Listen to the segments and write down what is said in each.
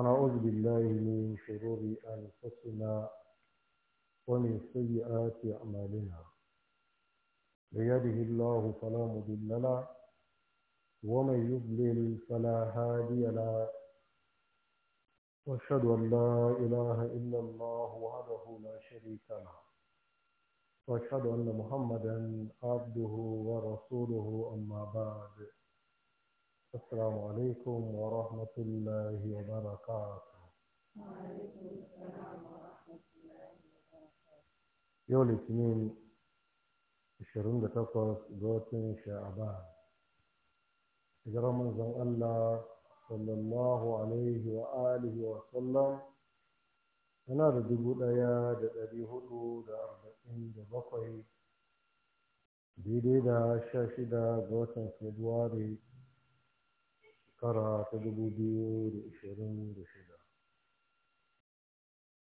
ونعوذ بالله من شرور أنفسنا ومن سيئات أعمالنا من الله فلا مضل له ومن يضلل فلا هادي له واشهد ان لا اله الا الله وحده لا شريك له واشهد ان محمدا عبده ورسوله اما بعد السلام عليكم ورحمة الله وبركاته وعليكم السلام ورحمة الله يوم الاثنين الشرون بتقص جوتن شعبان اجرام انزل الله صلى الله عليه وآله وسلم أنا رجل أن دادي هدو دارين دبقي بيدي دا شاشي دا جوتن فدواري shekara ta dubu biyu da ishirin da shida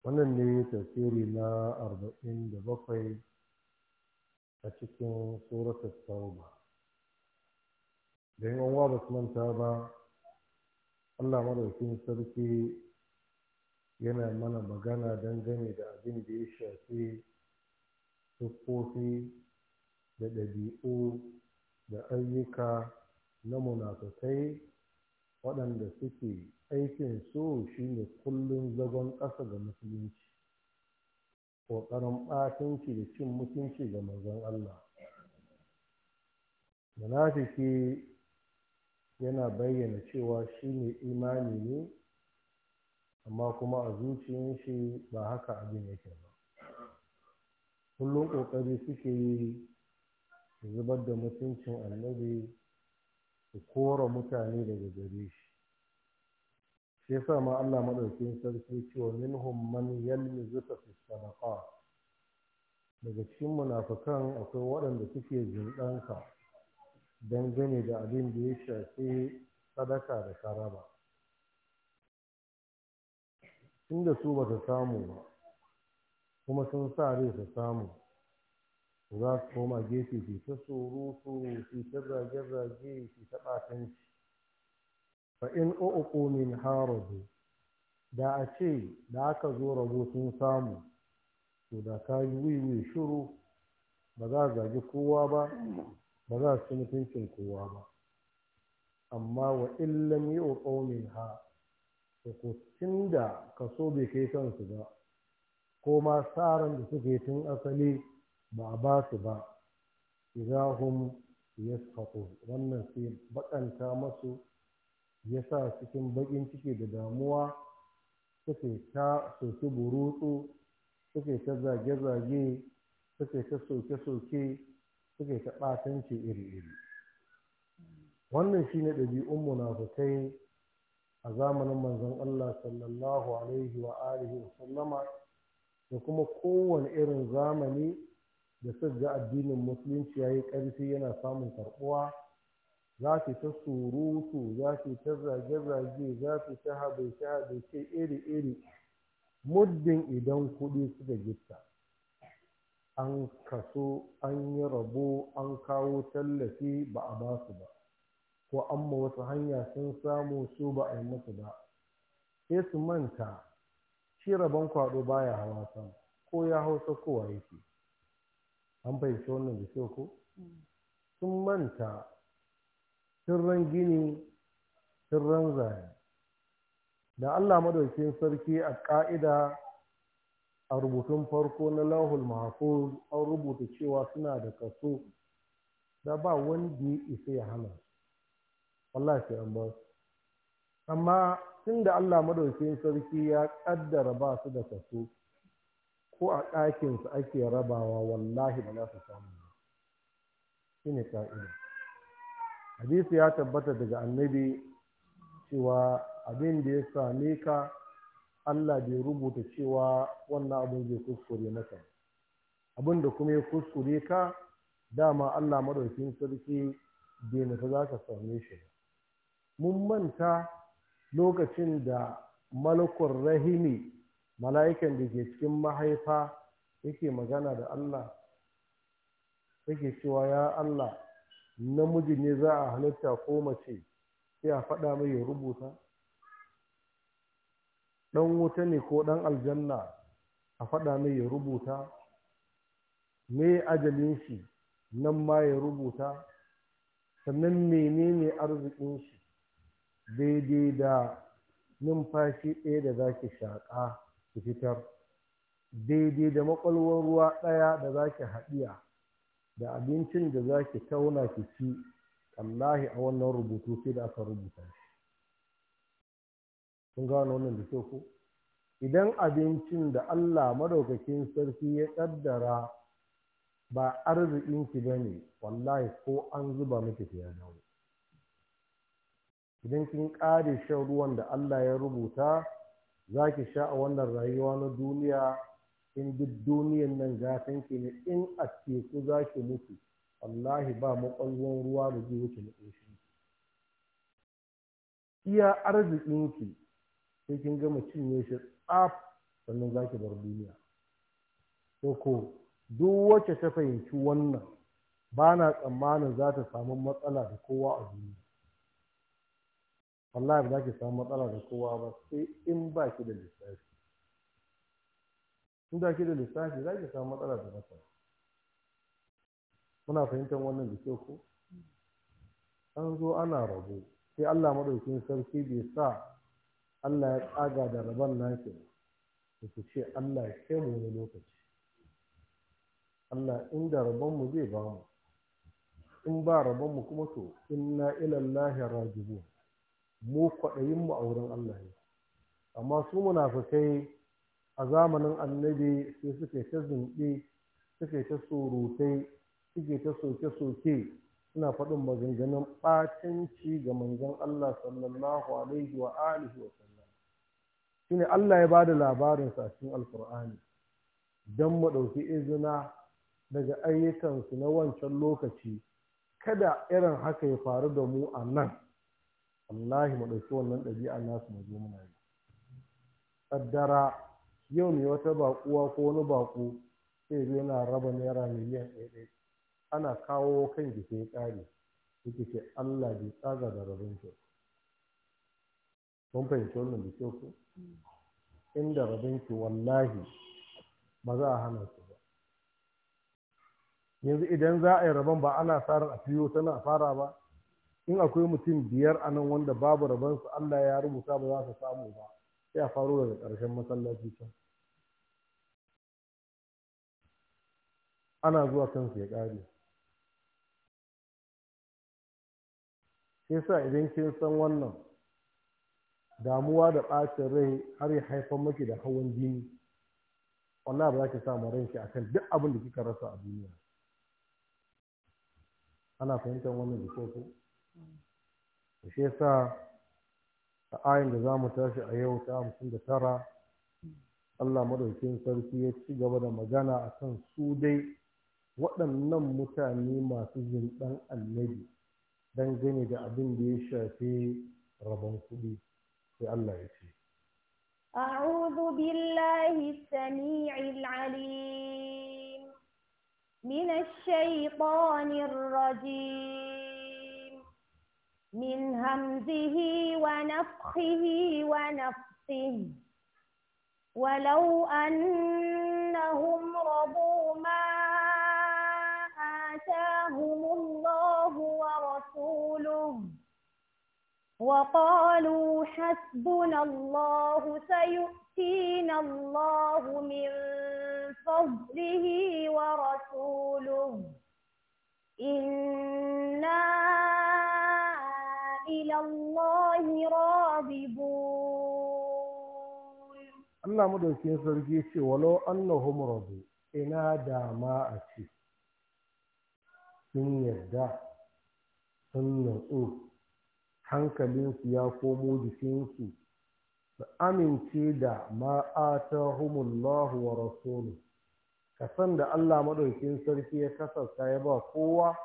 wannan ne tafsiri na arba'in da bakwai a cikin suratul tauba da yin uwa ba su manta ba Allah maɗaukin sarki yana mana magana dangane da abin da ya shafi siffofi da ɗabi'u da ayyuka na munafukai waɗanda suke aikin su shine kullum zagon ƙasa ga musulunci ƙoƙarin ɓatanci da cin mutunci ga manzon Allah munafiki yana bayyana cewa shi ne imani ne amma kuma a zuciyar shi ba haka abin yake ba kullum ƙoƙari suke yi zubar da mutuncin annabi su kora mutane daga gare shi shi yasa ma Allah madaukakin sarki cewa minhum man yalmizuka fi daga cikin munafukan akwai waɗanda suke don dangane da abin da ya shafi sadaka da karaba inda su ba su samu ba kuma sun sa rai su samu za su koma gefe su ta surutu su ta zage-zage su ta ɓatanci fa in uku min harabu da a ce da aka zo rabo sun samu to da ka yi wiwi shiru ba za a zagi kowa ba ba za a ci mutuncin kowa ba amma wa illam yi min ha to tun da kaso bai kai kansu ba ko ma tsarin da suke tun asali ba a ba su ba idahum yasfaqu wannan sai bakanta masu ya sa cikin baƙin ciki da damuwa suke ta soki burutsu suke ta zage-zage suke ta soke-soke suke ta ɓatanci iri-iri wannan shi shine ɗabi'un munafukai a zamanin manzon Allah sallallahu alaihi wa alihi wa sallama da kuma kowane irin zamani da ga addinin musulunci ya yi ƙarfi yana samun karɓuwa za su ta surutu za su ta zage-zage za su ta habaice ce iri-iri muddin idan kuɗi suka gita. an kaso an yi rabo an kawo tallafi ba a ba su ba ko an ma wasu hanya sun samu su ba a yi musu ba sai su manta shi rabon kwaɗo baya hawa sama ko ya hausa kowa yake an fahimci wannan da ko mm. sun manta sirran gini sirran zaya. da allah madaukin sarki a ƙa'ida a rubutun farko na lahul mahafuz an rubuta cewa suna da kaso da ba wanda ya isa ya hana Allah an ba su amma da allah madaukin sarki ya ƙaddara ba su da kaso ko a ɗakinsu ake rabawa wallahi ba za su samu ba shi ne ka'ida hadisi ya tabbata daga annabi cewa abin da ya same ka Allah bai rubuta cewa wannan abin zai kuskure maka abin da kuma ya kuskure ka dama Allah madaukin sarki bai nufa za ka same shi mun manta lokacin da malakon rahimi mala'ikan da ke cikin mahaifa yake magana da Allah yake cewa ya Allah namiji ne za a halitta ko mace sai a faɗa mai ya rubuta ɗan wuta ne ko ɗan aljanna a faɗa mai ya rubuta me ajalin shi nan ma ya rubuta sannan menene arzikin shi daidai da numfashi ɗaya da za ki shaƙa ki fitar daidai da makwalwar ruwa ɗaya da za ki haɗiya da abincin da za ki tauna ki ci wallahi a wannan rubutu ke da aka rubuta shi kun gano wannan da kyau idan abincin da Allah madaukakin sarki ya kaddara ba ki ba ne wallahi ko an zuba miki ya dawo idan kin ƙare shan ruwan da Allah ya rubuta za ki sha a wannan rayuwa na duniya in duk duniyan nan gatan ki ne in a teku za ki mutu wallahi ba makwallon ruwa da zai wuce na ƙoshi iya arzikinki sai kin gama cinye shi tsaf sannan za ki bar duniya ko duk wacce ta fahimci wannan ba na tsammanin za ta samu matsala da kowa a duniya wallahi ba za ki samu matsala da kowa ba sai in ba ki da lissafi in da ke da lissafi za ki samu matsala da masara muna fahimtar wannan da kyau ko an zo ana rabo sai Allah madaukakin sarki bai sa Allah ya tsaga da rabon nake da ku ce Allah ya mu wani lokaci Allah inda rabonmu zai ba mu in ba rabonmu kuma to inna ilallahi rajibu mu kwaɗayin mu a wurin Allah ne amma su munafikai a zamanin annabi sai suka ta zunɗe suka ta surutai suke ta soke-soke suna faɗin maganganun ɓatanci ga manzon Allah sallallahu alaihi wa alihi wa sallam shine Allah ya ba da labarin sa cikin alkur'ani don mu ɗauki izina daga ayyukansu na wancan lokaci kada irin haka ya faru da mu a nan Allah mu ɗauki wannan ɗabi'a nasu mu zo muna yi yau ne wata baƙuwa ko wani baku sai zai na raba naira miliyan ɗaya ana kawo kan ki sai ƙari yake ce Allah bai tsaga da rabin ki kun fahimci wannan da kyau ko inda rabin ki wallahi ba za a hana ki ba yanzu idan za a yi rabon ba ana sarar a fiyo tana fara ba in akwai mutum biyar a nan wanda babu su Allah ya rubuta ba za su samu ba sai a faro daga ƙarshen masallaci can ana zuwa kansu ya ƙare shi idan kin san wannan damuwa da ɓacin rai har ya haifar maki da hawan jini wannan ba za ki samu ranki akan duk abin da kika rasa a duniya ana fahimtar wannan da kyau shi yasa a ayin da za mu tashi a yau ta hamsin da tara Allah madaukin sarki ya ci gaba da magana akan su dai waɗannan mutane masu zinɗan annabi dangane da abin da ya shafi rabon kuɗi sai Allah ya ce أعوذ بالله السميع العليم من الشيطان الرجيم من همزه ونفخه ونفخه ولو أنهم وقالوا حسبنا الله سيؤتينا الله من فضله ورسوله إنا إلى الله راغبون الله مدوكين سرقيتي ولو أنهم رضوا إنا داما أتي sun yarda sun natsu hankalinsu ya komo jikinsu su amince da ma'atahumullahu wa rasulu kasan da Allah maɗaukin sarki ya kasasta ya ba kowa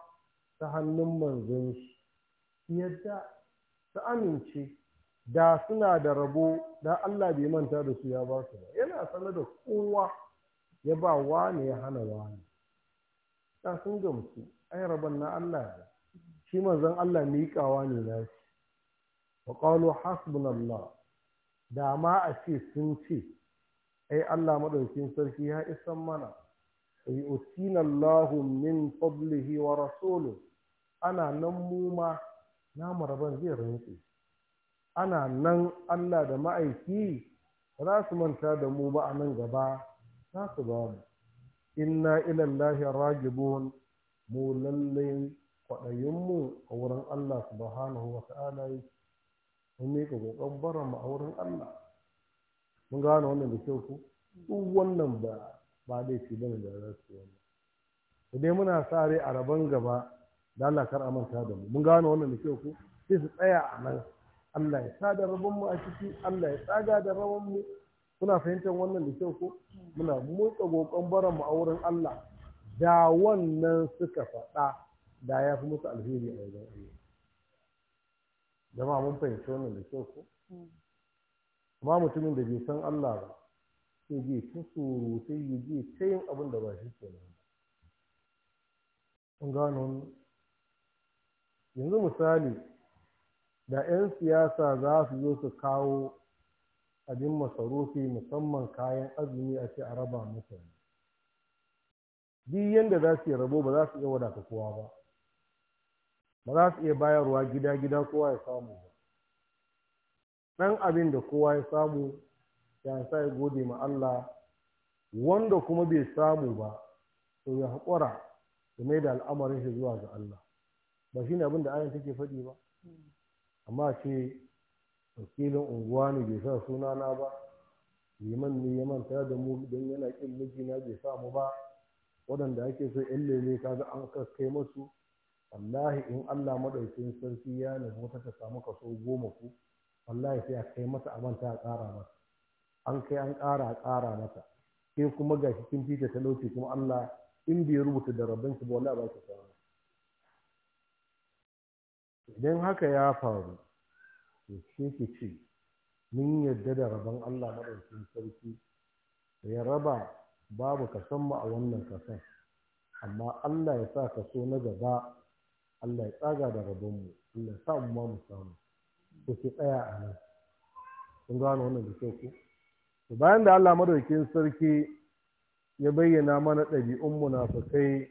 ta hannun manzon shi yadda su amince da suna da rabo da Allah bai manta da su ya ba su ba yana sanar da kowa ya ba wane ya hana ne ta sun gamsu ai rabon na Allah shi manzon Allah miƙawa ne na shi wa hasbunallah da ma a ce sun ce ai Allah madaukin sarki ya isan mana yu'tina Allahu min fadlihi wa rasuluhu ana nan mu ma na rabon zai rantsi ana nan Allah da ma'aiki ba za su manta da mu ba a nan gaba za su ba mu inna Allahi rajibun mu lallai kwaɗayinmu a wurin Allah subhanahu wa ta'ala yake mun miƙa roƙon barin mu a wurin Allah mun gane wannan da kyau ku duk wannan ba ba laifi bane da za su yi wannan dai muna sa rai a rabon gaba da Allah kar a manta da mu mun gane wannan da kyau ku sai su tsaya a nan Allah ya sada rabon mu a ciki Allah ya tsaga da rabon mu kuna fahimtar wannan da kyau ko muna motsa gokon baran mu a wurin Allah da wannan suka faɗa da ya fi musu alheri a wajen Allah jama'a mun fahimci wannan da kyau ko hmm. amma mutumin da bai san Allah ba sai je ta sai ya je ta yin abin da ba shi ke nan kun gano yanzu misali da 'yan siyasa za su zo su kawo abin masarufi musamman kayan azumi a ce a raba mutane duk yadda za su yi rabo ba za su iya wadata kowa ba ba za su iya bayarwa gida-gida kowa ya samu ba ɗan abin da kowa ya samu ya sa ya gode ma Allah wanda kuma bai samu ba to ya haƙura ya mai da al'amarin shi zuwa ga Allah ba shi ne abin da ayan take faɗi ba amma ce wakilin unguwa ne bai sa sunana ba liman ne ya manta da mu don yana ƙin mijina bai samu ba waɗanda ake so 'yan lele kaga an kai masu wallahi in Allah madaukin sarki ya nufi wata ta samu kaso goma ku wallahi sai a kai mata a manta a ƙara mata an kai an ƙara a ƙara mata sai kuma ga shi kin fita kuma Allah in bai rubuta da Rabban ki ba wallahi ba ki samu idan haka ya faru to sai ki ce mun yarda da rabon Allah madaukin sarki ya raba babu kasan mu a wannan kasan amma Allah ya sa kaso na gaba Allah ya tsaga da rabonmu Allah ya samu ma mu samu to ki tsaya a nan kun gano wannan da kyau ko bayan da Allah madaukin sarki ya bayyana mana ɗabi'un munafikai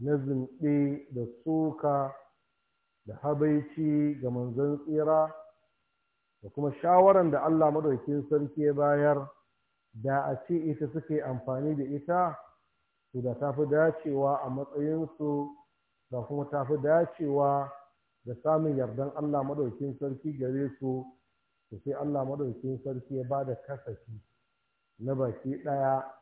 na zunɗe da soka da habaici ga manzon tsira da kuma shawaran da Allah madaukin sarki ya bayar da a ce ita suke amfani da ita to da ta fi dacewa a matsayinsu da kuma ta fi dacewa da samun yardan Allah maɗaukin sarki gare su da sai Allah maɗaukin sarki ya ba da kasafi na baki ɗaya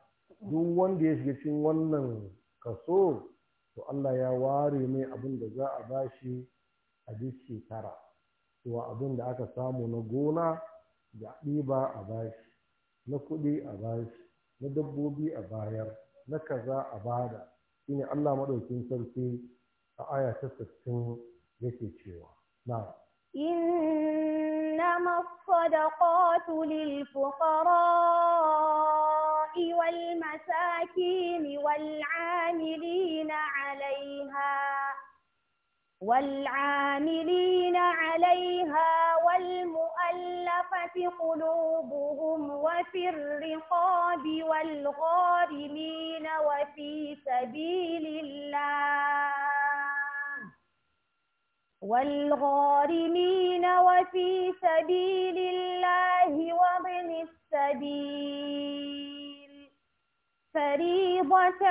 duk wanda ya shiga cikin wannan kaso to Allah ya ware mai abin da za a ba shi a duk shekara to abin da aka samu na gona da ɗiba a bashi na kuɗi a bashi na dabbobi a bayar na kaza a bada shine Allah maɗaukin sarki a aya ta sassun yake cewa na inna masadaqatu lil fuqara'i wal masakin wal 'amilina 'alayha والعاملين عليها والمؤلفة قلوبهم وفي الرقاب والغارمين وفي سبيل الله والغارمين وفي سبيل الله وابن السبيل فريضة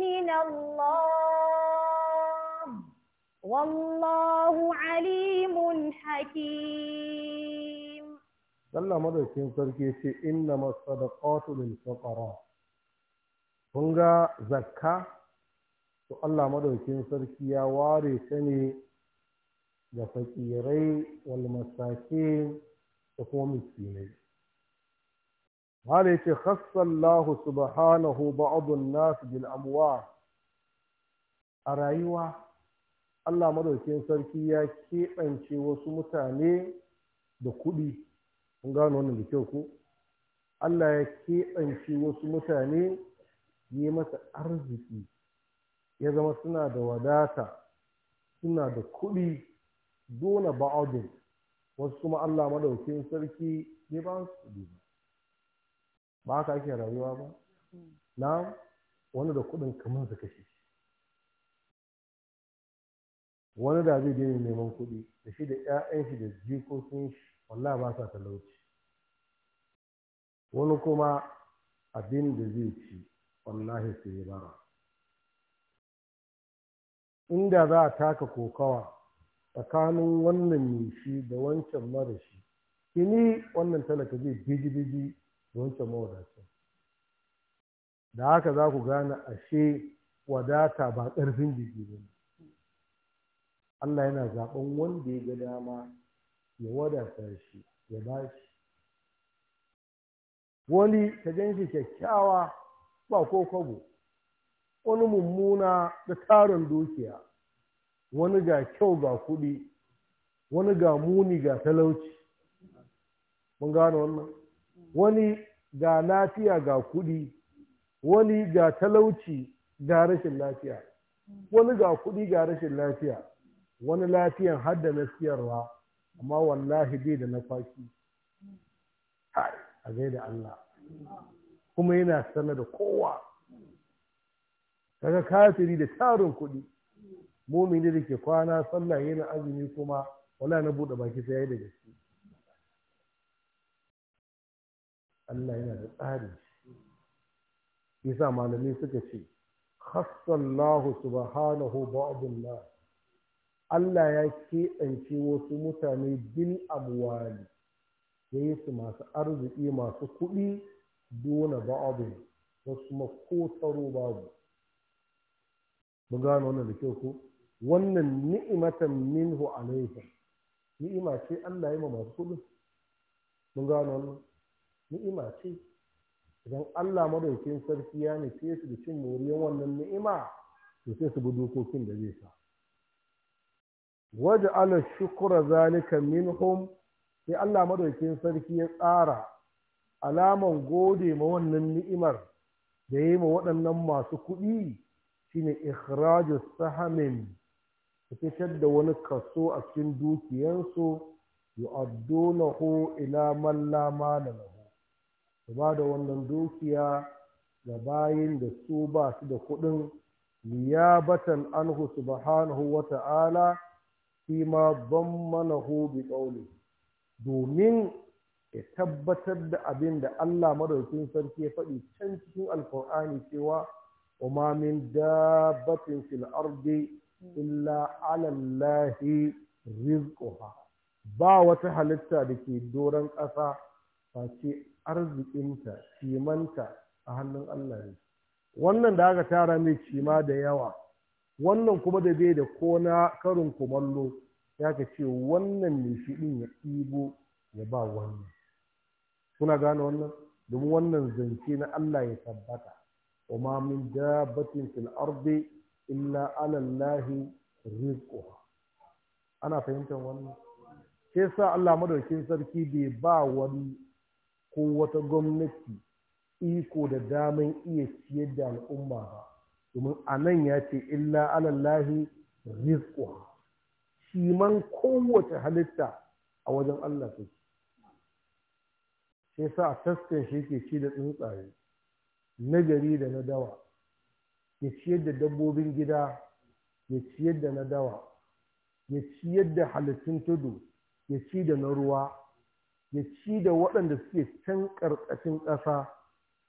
من الله والله عليم حكيم Allah madaukin sarki ce inna masadaqatu lil fuqara kun ga zakka to Allah madaukin sarki ya ware ta ne ga fakirai wal masakin da kuma miskinai hada yace khassa Allah subhanahu ba'dun nas bil amwa a rayuwa Allah madaukin sarki ya keɓance wasu mutane da kuɗi kun gano wannan da kyau ko Allah ya keɓance wasu mutane yi masa arziki ya zama suna da wadata suna da kuɗi dona ba'adun wasu kuma Allah madaukin sarki ne ba su kuɗi ba ba haka ake rayuwa ba na wani da kuɗin kamar su kashe wani da zai daina neman kuɗi da shi da 'ya'yan shi da jikokin shi wallah ba sa talauci wani kuma abin da zai ci wallahi sai ya bara inda za a taka kokawa tsakanin wannan mishi da wancan marashi shi kini wannan talaka zai bigi da wancan mawadata da haka za ku gane ashe wadata ba ƙarfin jiki ba Allah yana zaɓen wanda ya ga dama ya wadata shi ya ba shi wani ta gan kyakkyawa ba ko kwabo wani mummuna da tarin dukiya wani ga kyau ga kuɗi wani ga muni ga talauci mun gane wannan wani ga lafiya ga kuɗi wani ga talauci ga rashin lafiya wani ga kuɗi ga rashin lafiya wani lafiyan har na siyarwa amma wallahi bai da na kwaki a gaida Allah kuma yana sanar da kowa kaga kafiri da tarin kuɗi mumini da ke kwana sallah yana azumi kuma wala na buɗe baki sai yayi da gaske Allah yana da tsari yasa malamai suka ce khassallahu subhanahu ba'dun Allah ya keɓance wasu mutane bil abwali ya su masu arziki masu kuɗi dona ba'adun wasu makotaro babu mun gano wannan da kyau ko wannan ni'imatan minhu alaihim ni'ima ce Allah ya ma masu kudin mun gano wannan ni'ima ce idan Allah madaukin sarki ya nufe su da cin moriyar wannan ni'ima to sai su bi dokokin da zai sa waje ala shukura zalika minhum sai Allah madaukin sarki ya tsara alaman gode ma wannan ni'imar da ya yi ma waɗannan masu kuɗi shine ikhraju sahamin su fitar da wani kaso a cikin dukiyansu yu'addunahu ila man la mala lahu ba da wannan dukiya ga bayin da su ba su da kuɗin niyabatan anhu subhanahu wa ta'ala fi ma dammanahu bi qawli domin ya tabbatar da abin da Allah madaukin sarki ya faɗi can cikin alkur'ani cewa وما من دابة في الأرض إلا على الله رزقها ba wata halitta da ke doron ƙasa face arzikinta cimanta a hannun Allah ne wannan da aka tara mai cima da yawa wannan kuma da bai da ko na karin kumallo ya ka ce wannan ne shi ya ɗibo ya ba wannan kuna gane wannan domin wannan zance na Allah ya tabbata وما من دابة في الأرض إلا على الله رزقها أنا فهمت وانا كيف الله مدركين سركي ببا wani ko wata gwamnati iko da daman iya ciyar da al'umma ba domin a nan ya ce illa alallahi rizqwa shi man kowace halitta a wajen Allah take sai sa a taskan shi ke ci da tsuntsaye na gari da na dawa ya ciyar da dabbobin gida ya ciyar da na dawa ya ciyar da halittun tudu ya ci da na ruwa ya ci da waɗanda suke can ƙarƙashin ƙasa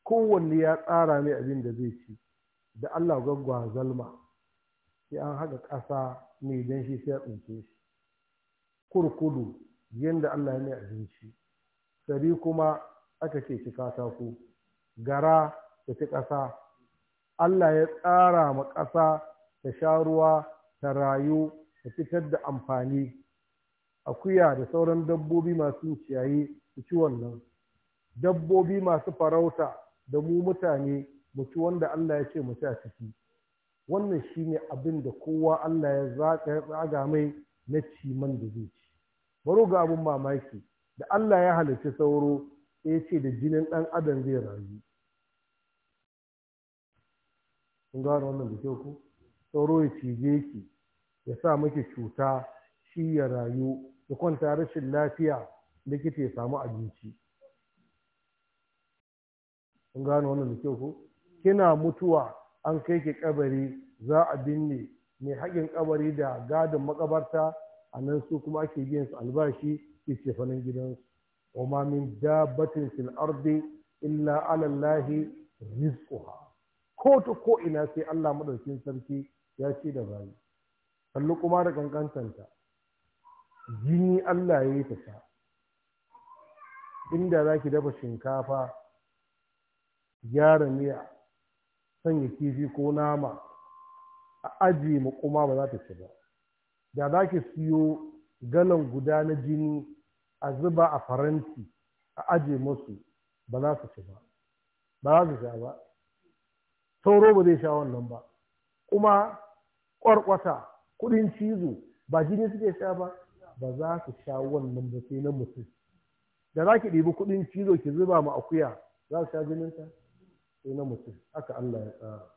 kowanne ya tsara mai abin da zai ci da Allah gwaggwa zalma sai an haɗa ƙasa mai danshi sai ya tsince shi kurkudu yadda Allah ya mai abinci sari kuma aka ce ci katako gara ta ƙasa Allah ya tsara ma ƙasa ta sha ruwa ta rayu ta fitar da amfani akuya da sauran dabbobi masu ciyayi su ci wannan dabbobi masu farauta da mu mutane mu ci wanda Allah ya ce mu ci a ciki wannan shine abin da kowa Allah ya zaga mai na ciman da zai ci baro ga abin mamaki da Allah ya halarci sauro ya ce da jinin ɗan adam zai rayu kun gano wannan da kyau ko sauro ya cije ki ya sa miki cuta shi ya rayu ya kwanta rashin lafiya likita ya samu abinci kun gano wannan da kyau ko kina mutuwa an kai ki kabari za a binne mai haƙin kabari da gadon makabarta a nan su kuma ake biyan su albashi ke cefanen gidansu wa ma min dabbatin fil ardi illa ala allahi ko ta ko ina sai Allah madaukin sarki ya ce da bayi kalli kuma da kankantanta jini Allah ya yi ta sha inda za ki dafa shinkafa gyara miya sanya kifi ko nama a aji ma kuma ba za ta ci ba da za ki siyo galan guda na jini a zuba a faranti a aje musu ba za su ci ba ba za su sha ba sauro ba zai sha wannan ba kuma ƙwarƙwata kuɗin cizo ba jini suke sha ba ba za su sha wannan ba sai na mutum da za ki ɗibi kuɗin cizo ki zuba ma akuya za su sha ta sai na mutum haka Allah ya tsara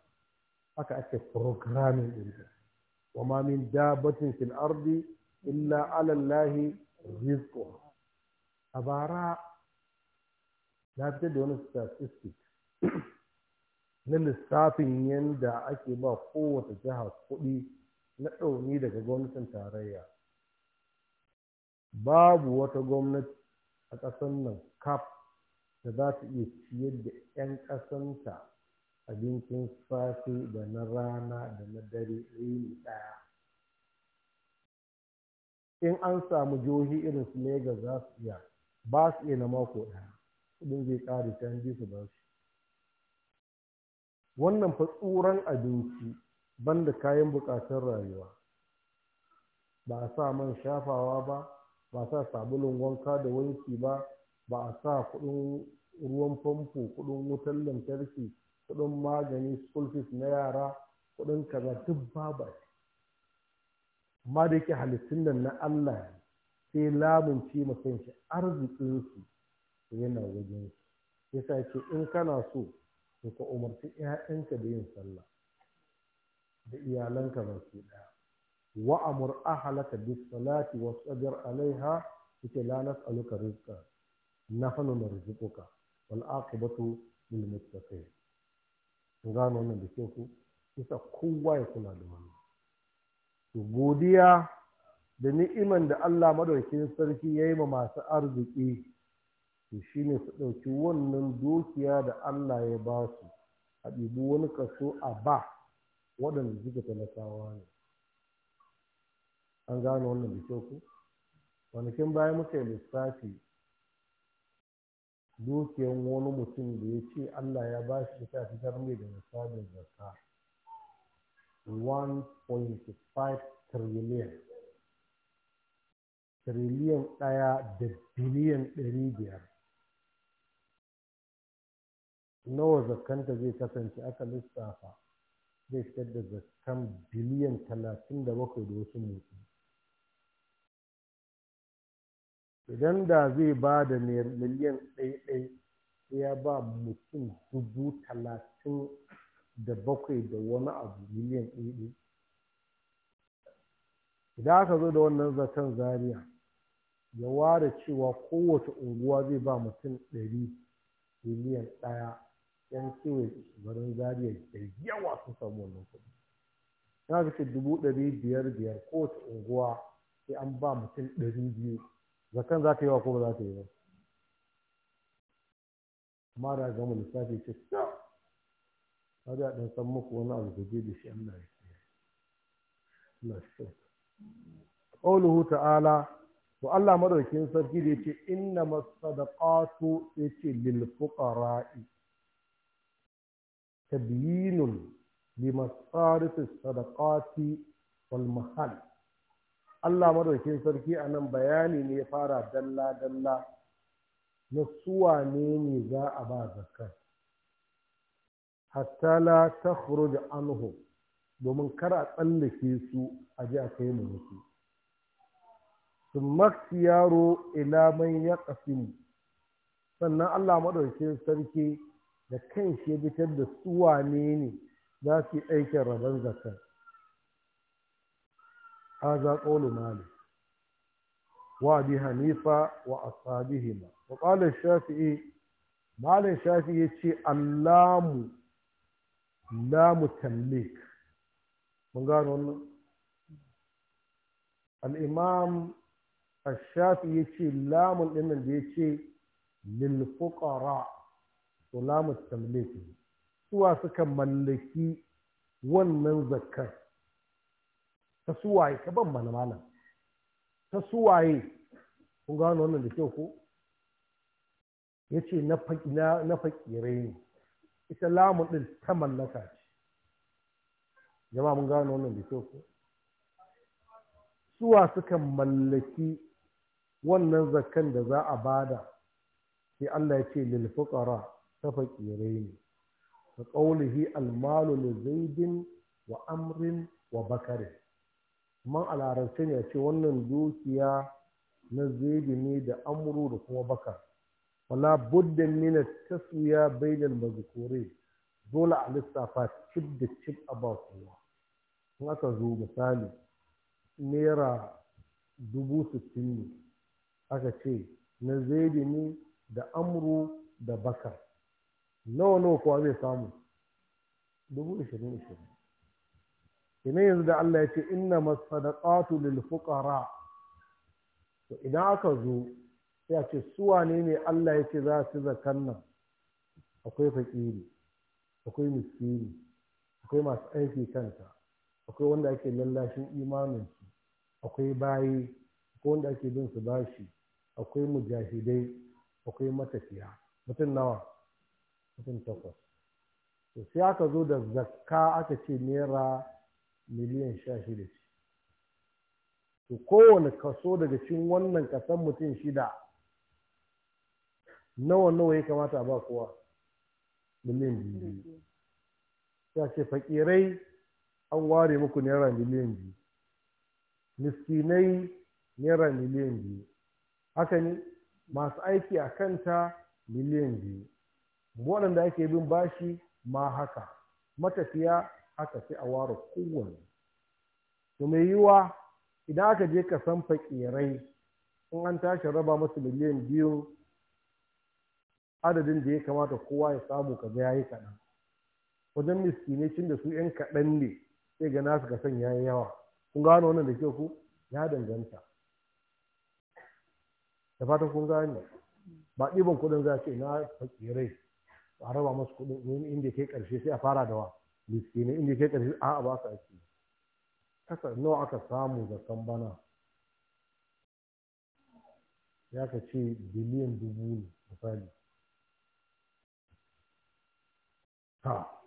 haka ake programming din ta wa ma min dabatin fil ardi illa ala Allah a bara na fitar da wani statistic na lissafin yadda ake ba kowace jiha kuɗi na ɗauni daga gwamnatin tarayya babu wata gwamnati a ƙasar nan kaf da za ta iya ciyar da 'yan ƙasanta abincin safe da na rana da na dare rini ɗaya in an samu jihohi irin su Legas za su iya ba su iya na mako ɗaya kudin zai ƙare ta ji su ba su wannan fa tsoron abinci da kayan bukatun rayuwa ba a sa man shafawa ba ba a sa sabulun wanka da wanki ba ba a sa kudin ruwan famfo kudin wutan lantarki kudin magani school na yara kudin kaza duk babu amma da yake halittun nan na Allah sai lamunci mutum shi arzikinsu yana wajen yasa ce in kana so to ka umarci 'ya'yanka da yin sallah da iyalanka baki ɗaya wa amur ahlaka bis salati wasbir alaiha suke la nas'aluka rizqa nahnu narzuquka wal aqibatu lil muttaqin da ku isa kowa ya kula da wannan godiya da ni'iman da Allah madaukakin sarki ya yi ma masu arziki to ne su ɗauki wannan dukiya da Allah ya ba su a ɗibi wani kaso a ba waɗanda suka talakawa ne an gano wannan da kyau ku kwanakin bayan muka yi lissafi dukiyan wani mutum da ya ce Allah ya ba shi ta fitar mai da misalin zakka 1.5 trillion Trillion ɗaya da biliyan ɗari biyar nawa zakanta zai kasance aka lissafa zai fitar da zakan biliyan talatin da bakwai da wasu motsi idan da zai ba da miliyan ɗaiɗai sai ya ba mutum dubu talatin da bakwai da wani abu miliyan ɗaiɗai idan aka zo da wannan zaton zaria ya ware cewa kowace unguwa zai ba mutum ɗari miliyan ɗaya yan kewaye garin zariya da yawa sun samu wannan kuɗi na ga dubu ɗari biyar biyar kowace unguwa sai an ba mutum ɗari biyu zakan za ta yi wa ko ba za ta yi ba amma da gama lissafi ce ta har ya ɗan san muku wani abu guje da shi Allah ya kiyaye Allah shi ta'ala to Allah madaukin sarki da yace inna masadaqatu yace lil fuqara'i tabyinun li masarifis sadaqati wal mahal Allah madaukin sarki a nan bayani ne ya fara dalla dalla na suwa ne za a ba zakka hatta la da anho, domin kar a tsallake su a ji a kai mu wasu summak yaro ila man ya sannan Allah madaukin sarki da kan shi ya fitar da su wane ne za su yi aikin rabon zakka za qawlu mali wa bi hanifa wa ashabihima wa qala shafi'i shafi shafi'i ce allamu lamu tamlik mun gano wannan al-imam ash-shafi'i ce lamun din da ce lil fuqara ulamu tamliki suwa suka mallaki wannan zakkar ta suwaye ka ban mana malam ta suwaye kun gano wannan da kyau ko ya ce na fakirai ne ita lamu ɗin ta mallaka ce jama'a mun gano wannan da kyau ko suwa suka mallaki wannan zakkan da za a bada sai Allah ya ce lil fuqara kafa ƙirai ne ka ƙaulihi almalu li zaidin wa amrin wa bakarin amma a larabce ne ce wannan dukiya na zaidi ne da amru da kuma bakar wala budda min taswiya bainal mazkurin dole a lissafa cib da cib a ba kowa in aka zo misali naira dubu sittin ne aka ce na zaidi ne da amru da bakar nawa nawa kowa zai samu dubu ishirin ishirin kenan yanzu da Allah ya ce inna masadaqatu lil fuqara to idan aka zo sai a ce su wane ne Allah ya ce za su zakan nan akwai fakiri akwai miskini akwai masu aiki kanta akwai wanda ake lallashin imaninsu akwai bayi akwai wanda ake bin su bashi akwai mujahidai akwai matafiya mutum nawa mutum takwas to sai aka zo da zakka aka ce naira miliyan sha shida ce to kowane kaso daga cikin wannan kasan mutum shida nawa nawa ya kamata a ba kowa miliyan biyu ya ce fakirai an ware muku naira miliyan biyu miskinai naira miliyan biyu haka ne masu aiki a kanta miliyan biyu da ake bin bashi ma haka matafiya haka sai a ware kowanne to mai yiwa idan aka je ka san fakirai in an tashi raba masu miliyan biyu adadin da ya kamata kowa ya samu ka ga yayi kaɗan wajen miskinai da su 'yan kaɗan ne sai ga nasu ka san yayi yawa kun gano wannan da ke ku ya danganta da fatan kun gane ba ɗiban kuɗin za ce na fakirai a raba musu in inda kai ƙarshe sai a fara da wa miskinai inda kai ƙarshe a ba su aiki kasa nawa aka samu da san bana ya ka ce biliyan dubu ne misali Ta.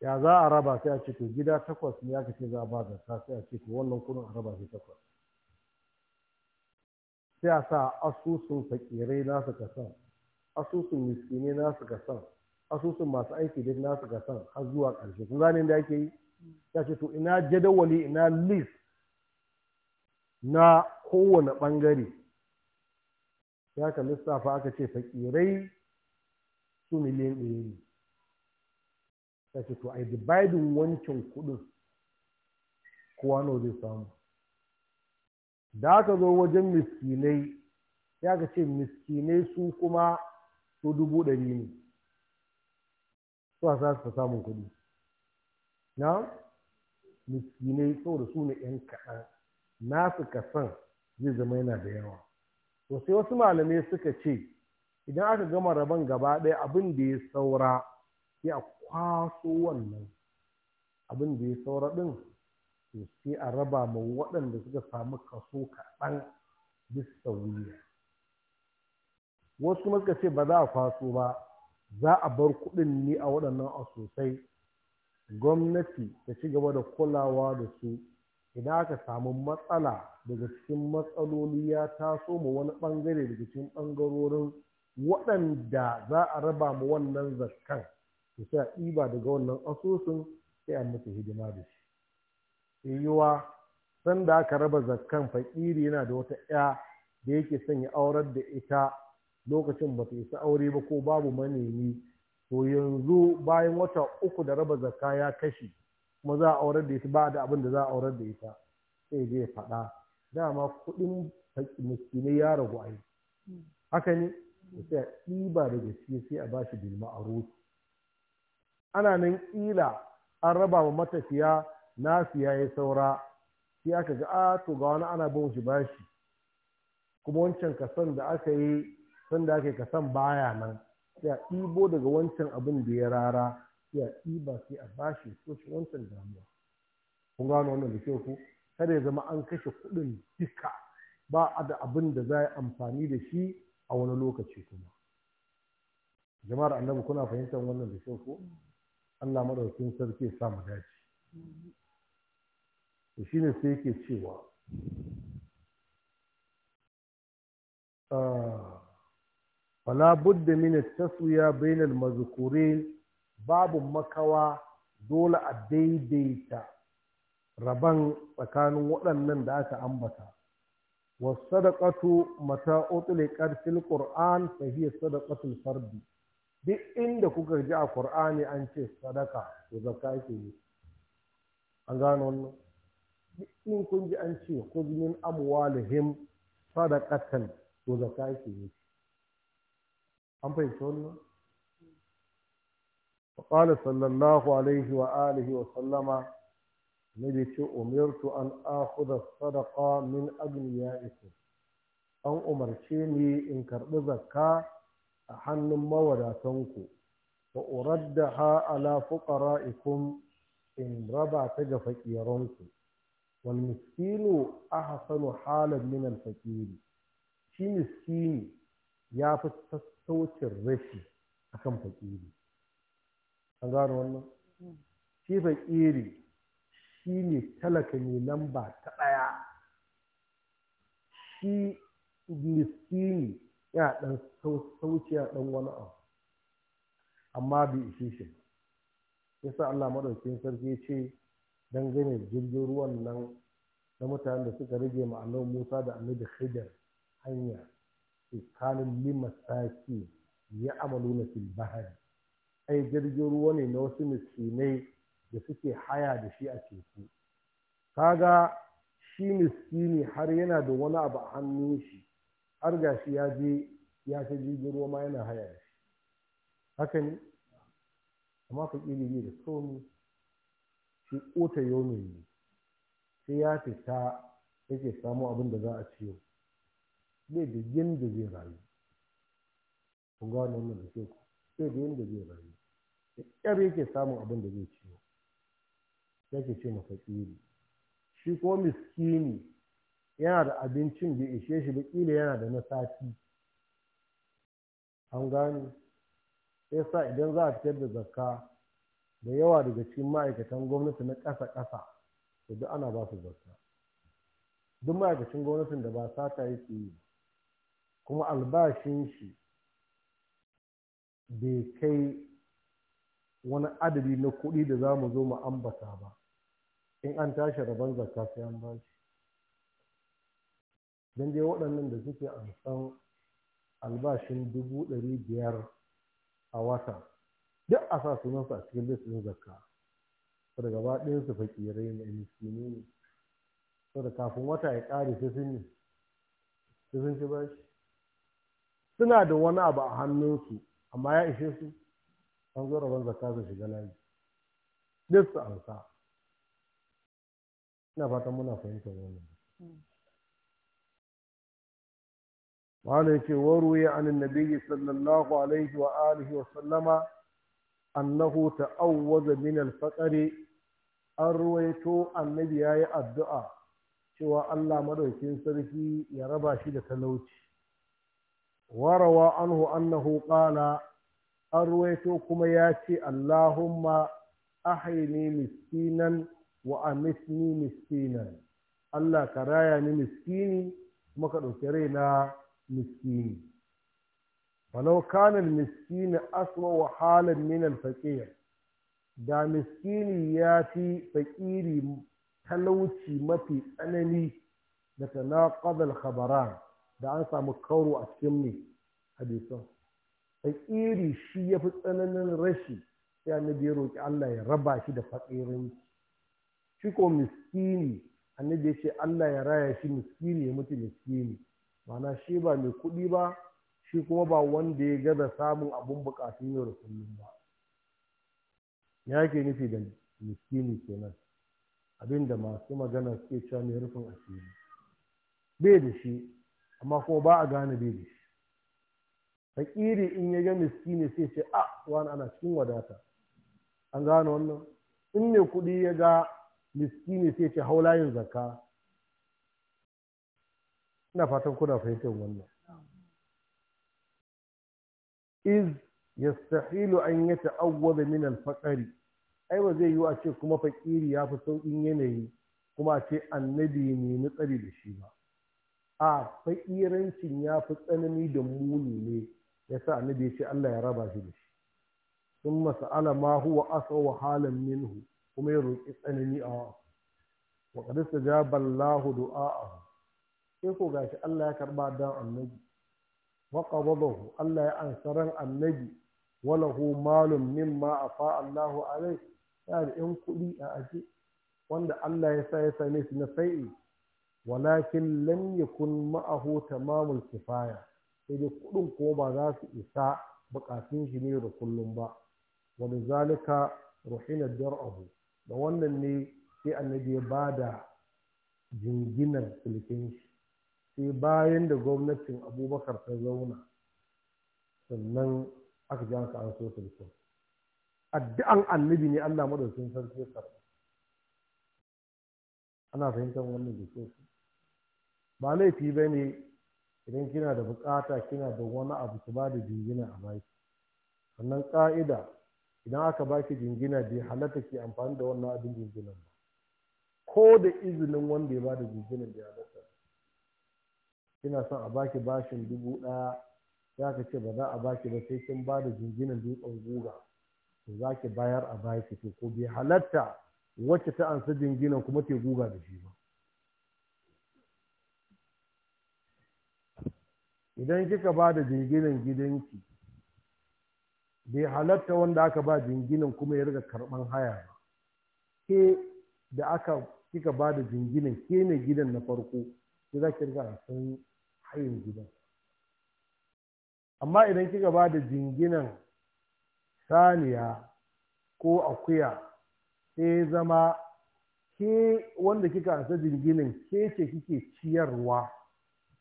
ya za a raba sai a ce to gida takwas ne ya ka ce za a ba ta sai a ce to wannan kudin a raba sai takwas sai a sa asusun fakirai nasu kasan asusun miskinai nasu kasan asusun masu aiki duk nasu ga san har zuwa ƙarshe kun gane da ake yi ta ce to ina jadawali ina list na kowane ɓangare ya ka lissafa aka ce fakirai su miliyan ɗaya ne ta ce to yi dividin wancan kuɗin kowa nawa zai samu da aka zo wajen miskinai ya ka ce miskinai su kuma su dubu ɗari ne suwa za su samun kuɗi na miskinai saboda su ne yan kaɗan nasu kasan zai zama yana da yawa to sai wasu malamai suka ce idan aka gama rabon gaba ɗaya abin da ya saura sai a kwaso wannan abin da ya saura ɗin to sai a raba ma waɗanda suka samu kaso kaɗan bisa wuya wasu kuma suka ce ba za a kwaso ba za a bar kuɗin ne a waɗannan asusai gwamnati ta ci gaba da kulawa da su idan aka samu matsala daga cikin matsaloli ya taso ma wani ɓangare daga cikin ɓangarorin waɗanda za a raba ma wannan zakkan to sai a ɗiba daga wannan asusun sai a mutu hidima da shi yiwuwa sanda aka raba zakkan fakiri yana da wata 'ya da yake son ya aurar da ita lokacin ba su isa aure ba ko babu manemi to yanzu bayan wata uku da raba zakka ya kashe kuma za a aurar da ita ba da abin da za a aurar da ita sai zai faɗa dama kuɗin miskinai ya ragu ai haka ne sai a ɗiba da gaske sai a ba shi bilma a ana nan ƙila an raba wa matafiya siya ya saura sai aka ga a ah, to ga wani ana bin shi bashi kuma wancan kasan da aka yi sanda da ake ka san baya nan sai a ɗibo daga wancan abin da ya rara sai a ɗiba sai a bashi ko shi wancan damuwa kun gano wannan da kyau ku? kada ya zama an kashe kuɗin duka ba a da abin da za a yi amfani da shi a wani lokaci kuma jama'ar annabi kuna fahimtar wannan da kyau ku Allah madaukakin sarki ya sa mu dace to shine sai yake cewa ah, Bala budda min taswiya bainal mazkurin babu makawa dole a daidaita raban tsakanin waɗannan da aka ambata wasu wasadaqatu mata utliqat ƙarfin qur'an fa hiya sadaqatul fard duk inda kuka ji a qur'ani an ce sadaka to zakka yake ne an duk in kun ji an ce khudh min amwalihim sadaqatan to zakka yake ne an fahimci wannan faƙala sallallahu alaihi wa alihi wa sallama na bai ce umirtu an akhudha sadaqa min agniya'ikum an umarce ni in karɓi zakka a hannun mawadatanku wa uraddaha ala fuqara'ikum in raba ta ga fakiranku wal miskinu ahsanu halan min al fakiri shi miskini ya fi saucin rashi akan fakiri an gano wannan shi fakiri shi ne talaka ne lamba ta ɗaya shi ne ya ɗan sauciya ɗan wani abu amma bai ishe shi yasa Allah maɗaukin sarki ce don da jirgin ruwan nan na mutanen da suka rage ma'anar Musa da annabi Khidir hanya iskalin limasaki ya amalu na bahari ai jirgin ruwa ne na wasu miskinai da suke haya da shi a teku kaga shi miskini har yana da wani abu a hannun shi har ga shi ya je ya ta jirgin ruwa ma yana haya da shi haka ne amma ka ƙi da tsoni shi ƙota yau ne sai ya fita yake samu abin da za a ciyo bai da yadda zai rayu kun ga wannan da ke ku bai da yadda zai rayu da ƙyar yake samun abin da zai ciwo yake ce masa ƙiri. shi ko miskini yana da abincin da ishe shi da ƙila yana da na sati an gane sai sa idan za a fitar da zakka da yawa daga cikin ma'aikatan gwamnati na ƙasa-ƙasa to duk ana ba su zakka duk ma'aikacin gwamnatin da ba sata yake yi kuma albashin shi bai kai wani adadi na kuɗi da za mu zo mu ambata ba in an tashi rabon zakka sai an ba shi don dai waɗannan da suke ansan albashin dubu ɗari biyar a wata duk a sa sunan su a cikin listin zakka da gaba ɗayan su fakirai ne miskini ne da kafin wata ya ƙare sai sun ne sai sun ci bashi suna da wani abu a hannunsu amma ya ishe su an zo rabon zakka su shiga layi duk su amsa ina fatan muna fahimtar wannan wani yake waruwa an nabi sallallahu alaihi wa alihi wa sallama annahu ta'awwaza min al-faqr an ruwaito annabi yayi addu'a cewa Allah madaukin sarki ya raba shi da talauci warawa anhu annahu qala an ruwaito kuma ya ce allahumma ahini miskinan wa amisni miskinan allah ka raya ni miskini kuma ka ɗauki raina miskini falau kana miskini asma wa halin min alfaqir da miskini ya fi faƙiri talauci mafi tsanani da tanaqad al-khabaran da an samu kauro a cikin mai hadisan iri shi ya fi tsananin rashi sai annabi ya roƙi Allah ya raba shi da fakirin shi ko miskini annabi ya ce Allah ya raya shi miskini ya mutu miskini ma'ana shi ba mai kuɗi ba shi kuma ba wanda ya gaza samun abun buƙatun yau da kullum ba ya ke nufi da miskini kenan abinda masu magana suke cewa mai rufin asiri bai da shi amma ko ba a gane bai da shi fakiri in ya ga miskini sai ce a ah, wani ana cikin wadata an gane wannan in ne kuɗi ya ga miskini sai ce haulayin zakka ina fatan kuna fahimtar wannan iz yastahilu an yata'awwada min al-faqri ai ba zai yi a ce kuma fakiri ya fi sauƙin yanayi kuma a ce annabi ne nemi tsari da shi ba a fakirancin ya fi tsanani da muni ne ya sa annabi ya ce Allah ya raba shi da shi sun masa'ala ma huwa wa halin minhu kuma ya roƙi tsanani a wa qad do'a a du'a'ahu sai ko gashi Allah ya karba dan annabi wa qabadahu Allah ya ansaran annabi walahu malum mimma afa Allahu alai ya da yan kuɗi a aji wanda Allah ya sa ya same su na sai'i walakin lam yakun ma'ahu tamamul kifaya sai dai kuɗin ko ba za su isa bukatun shi ne da kullum ba wani zalika ruhina dar'ahu da wannan ne sai annabi ya bada da jinginar sulkin shi sai bayan da gwamnatin abubakar ta zauna sannan aka ji aka an so sulkin addu'an annabi ne allah madaukin sarki karɓa ana fahimtar wannan da kyau ba laifi ba ne idan kina da bukata kina da wani abu ki ba da jingina a baki sannan ƙa'ida idan aka baki jingina bai halatta ke amfani da wannan abin jinginan ba ko da izinin wanda ya ba da jinginan bai halatta kina son a baki bashin dubu ɗaya ya ka ce ba za a baki ba sai kin ba da jinginan dutsen guga to za ki bayar a baki ko bai halatta wacce ta ansa jinginan kuma ke guga da shi ba idan kika ba da jinginan gidanki bai halatta wanda aka ba jinginan kuma ya riga karban haya ke da aka kika ba da jinginan ke ne gidan na farko sai za ki riga a san hayin gidan amma idan kika ba da jinginan saniya ko akuya sai zama ke wanda kika ansa jinginan ke ce kike ciyarwa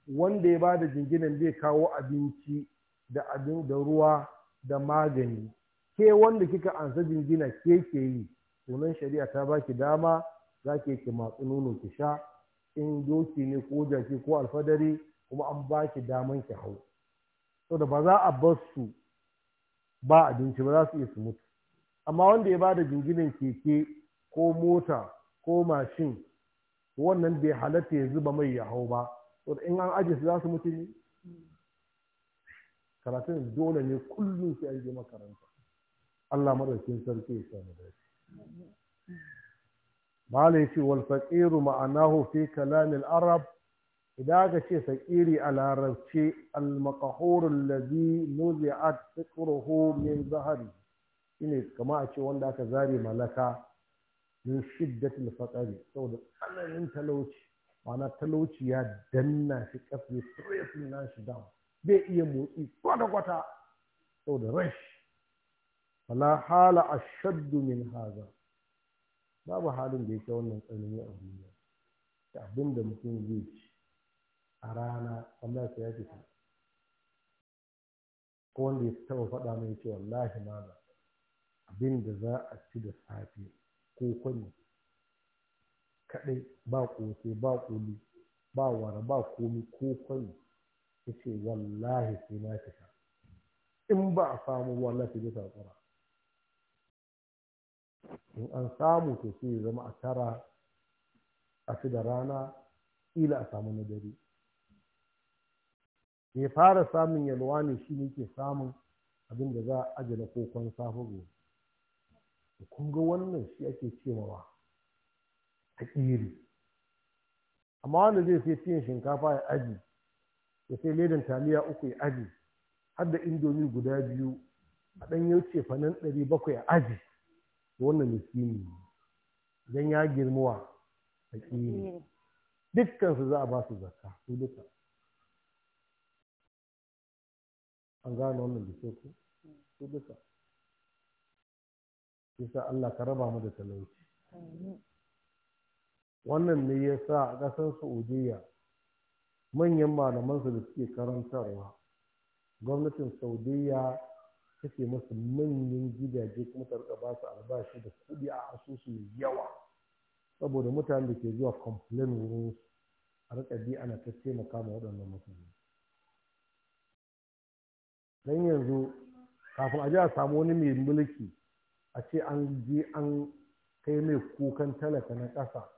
wanda ya bada jinginan zai kawo abinci da abin da ruwa da magani ke wanda kika ansa jingina ke ke yi sunan shari'a ta baki dama za ki ki matsu nono ki sha in doki ne ko jaki ko alfadari kuma an baki daman ki hau da ba za a bar su ba abinci ba za su iya su mutu amma wanda ya bada jinginan keke ko mota ko mashin wannan bai halatta ya zuba mai ya hau ba in an ajiye su za su mutu ne karatun dole ne kullum sai an je makaranta Allah madaukin sarki ya samu dace Bala ya ce wal faqiru ma'anahu fi kalamil arab idan aka ce faƙiri a larabce almakahorun alladhi nuzi'at fikruhu min zahari ine kama a ce wanda aka zare malaka min shiddatil faqari saboda tsananin talauci Wana talauci ya danna shi ƙasa stressing na shi down bai iya motsi kwata-kwata saboda rash wala hala a shaddu min haza babu halin da yake wannan tsanani a duniya da abin da mutum zai ci a rana wanda sai ya fita ko wanda ya taɓa faɗa mai ce wallahi mana abin da za a ci da safe ko kwani kaɗai ba ƙosai ba ƙoli, ba wara ba komi ko kwai ya ce wallahi sai na fita in ba a samu wallahi sai ta in an samu to sai ya zama a tara a fi da rana ila a samu na dare ya fara samun yalwa ne shi ne ke samun abin da za a ajiye na kokon safe gobe kun ga wannan shi ake cewa a amma wanda zai sai cin shinkafa ya aji ya sai ledan taliya uku ya aji har da indomi guda biyu a ɗan yauce fanan ɗari bakwai a aji wannan ne don ya girmuwa a dukkansu za a ba su zakka su duka an gane wannan da ke ku su duka yasa Allah ka raba mu da talauci wannan ne ya sa a ƙasar saudiya manyan malamansu da suke karantarwa gwamnatin saudiya take masu manyan gidaje kuma ta rika ba su albashi da kuɗi a asusu mai yawa saboda mutane da ke zuwa complain wurin a rika bi ana ta taimaka ma waɗannan mutane don yanzu kafin a ji a samu wani mai mulki a ce an je an kai mai kukan talaka na ƙasa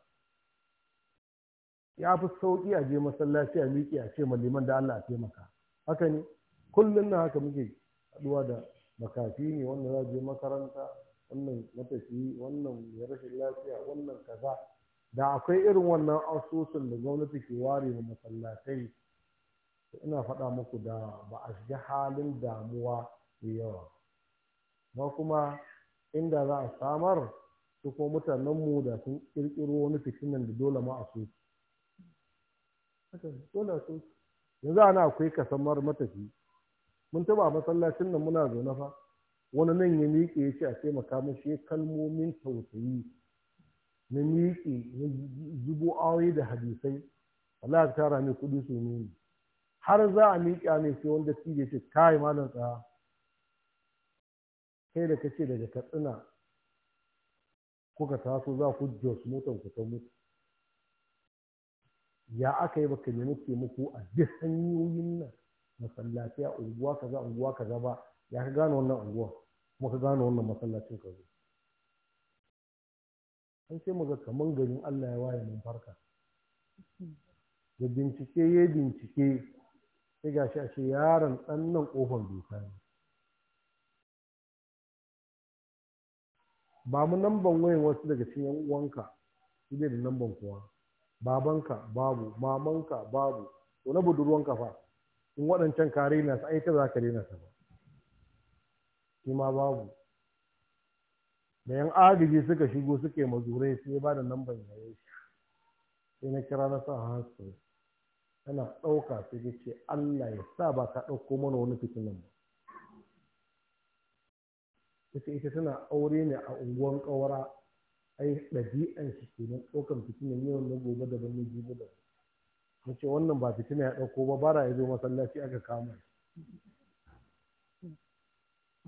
ya fi sauƙi a je masallaci a miƙi a ce maliman da Allah a taimaka haka ne kullum na haka muke haɗuwa da makafi ne wannan za je makaranta wannan matafi wannan ya rashin lafiya wannan kaza da akwai irin wannan asusun da gwamnati ke ware masallacai masallatai ina faɗa muku da ba a shiga halin damuwa da yawa ba kuma inda za a samar su kuma mutanenmu da sun ƙirƙiro wani fitinan da dole ma a dole su yanzu ana akwai kasamar matafi mun taba masallacin nan muna zaune fa wani nan ya miƙe ya ce a taimaka mashi kalmomin tausayi na miƙe na zubo awai da hadisai Allah ya tara mai kuɗi su ne har za a miƙa mai sai wanda su ce kai malam tsaya kai da kace daga katsina kuka taso za ku jos motan ku ta mutu ya aka yi baka nemi taimako a duk hanyoyin nan masallaci a unguwa kaza unguwa kaza ba ya ka gane wannan unguwa kuma ka gane wannan masallacin ka zo an ce mu ga kaman garin Allah ya waye mun farka da bincike ya bincike sai gashi a ce yaron ɗan nan ƙofar doka ne ba mu ban wayan wasu daga cikin uwanka shi da ban kuwa? babanka babu mamanka babu to na kafa. fa in waɗancan kare na su ai za ka rena su ba shi ma babu da yan agaji suka shigo suke mazurai sai ba da ban yaye shi sai na kira na sa hasu ana ɗauka sai ya Allah ya sa ba ka ɗauko mana wani fitinan ba ita ita tana aure ne a unguwan ƙawara ai ɗabi'an shi kenan ɗaukan fitina yau na gobe da ban jibi da mu ce wannan ba fitina ya ɗauko ba bara ya zo masallaci aka kama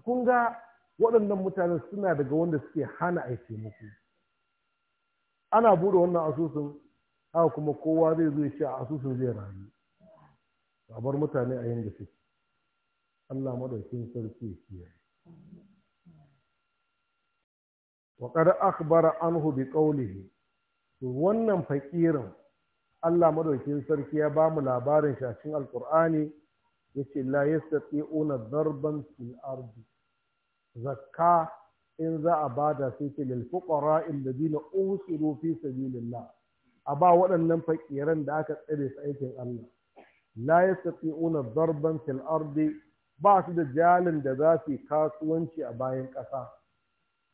kun ga waɗannan mutane suna daga wanda suke hana aiki taimako ana buɗe wannan asusun haka kuma kowa zai zo shi a asusun zai rayu Babar bar mutane a yin da suke Allah madaukin sarki ya kiyaye Waƙar qad akhbara anhu wannan fakirin Allah madaukin sarki ya ba mu labarin shi a cikin alqur'ani yace la yastati'una darban fil ardi zakka in za a bada sai ce lil fuqara alladhina usiru fi sabilillah a ba waɗannan fakiran da aka tsare su aikin Allah la yastati'una darban fil ardi ba su da jalin da za su kasuwanci a bayan ƙasa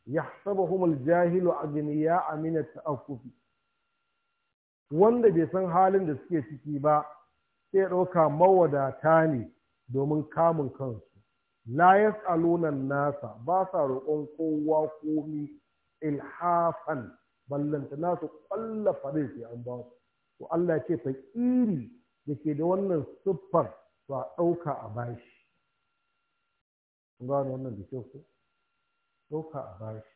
yahsabuhum aljahilu aghniya Amina ta wanda bai san halin da suke ciki ba sai ya ɗauka mawadata ne domin kamun kansu la yas'aluna nasa ba sa roƙon kowa komi ilhafan ballanta nasu ƙwalla fare sai an ba su to Allah ce iri da ke da wannan siffar to a ɗauka a bashi gano wannan da kyau ɗauka a bashi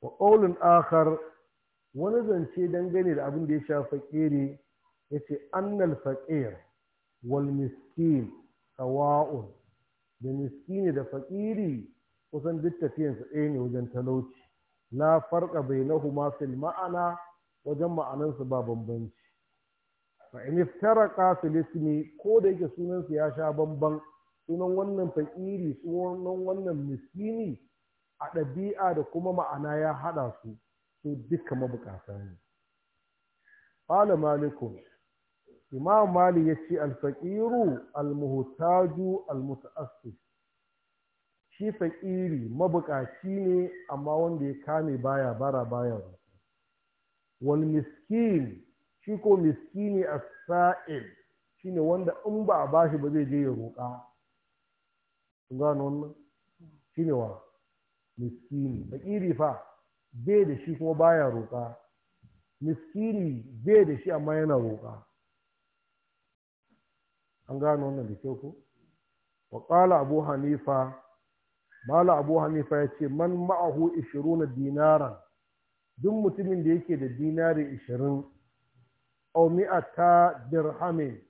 wa ƙaunin akhar wani zance dangane da abin da ya sha faƙiri ya ce annal faƙir wal miskin sawa'un da miskini da faƙiri kusan duk tafiyansa ɗaya ne wajen talauci la farka bai na fil ma'ana wajen ma'anansu ba bambanci fa in ƙasa fil ko da yake sunansu ya sha bamban sunan wannan fakiri sunan wannan miskini a ɗabi'a da kuma ma'ana ya haɗa su su duka mabukasa ne Fala malikun imam mali ya ce alfaƙiru almuhtaju almuta'assi shi faƙiri mabukaci ne amma wanda ya kame baya bara baya wal miskin shi ko miskini a sail ne wanda in ba a bashi ba zai je ya roƙa kun gano wannan shine wa miskini fakiri fa bai da shi kuma baya roƙa miskini bai da shi amma yana roƙa an gano wannan da kyau ko wa qala abu hanifa mala abu hanifa ya ce man ma'ahu na dinara duk mutumin da yake da dinari ishirin au mi'ata dirhamin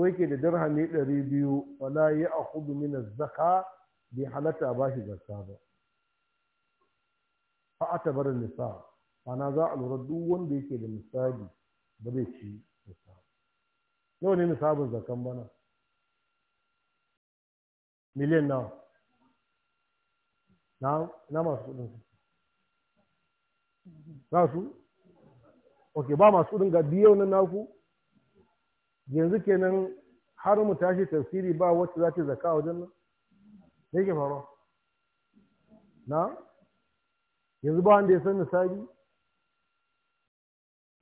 ko yake da dirhami ɗari biyu wala ya a hudu mina zaka bai halatta ba shi zakka ba fa a tabar nisa ana za a lura duk wanda yake da misali ba zai ci nisa nawa ne nisabin zakan bana miliyan na na masu kudin su za su ok ba masu kudin ga na naku yanzu kenan har mu tashi tafsiri ba wacce za ta zaka wajen nan me yake faruwa na yanzu ba wanda ya san misali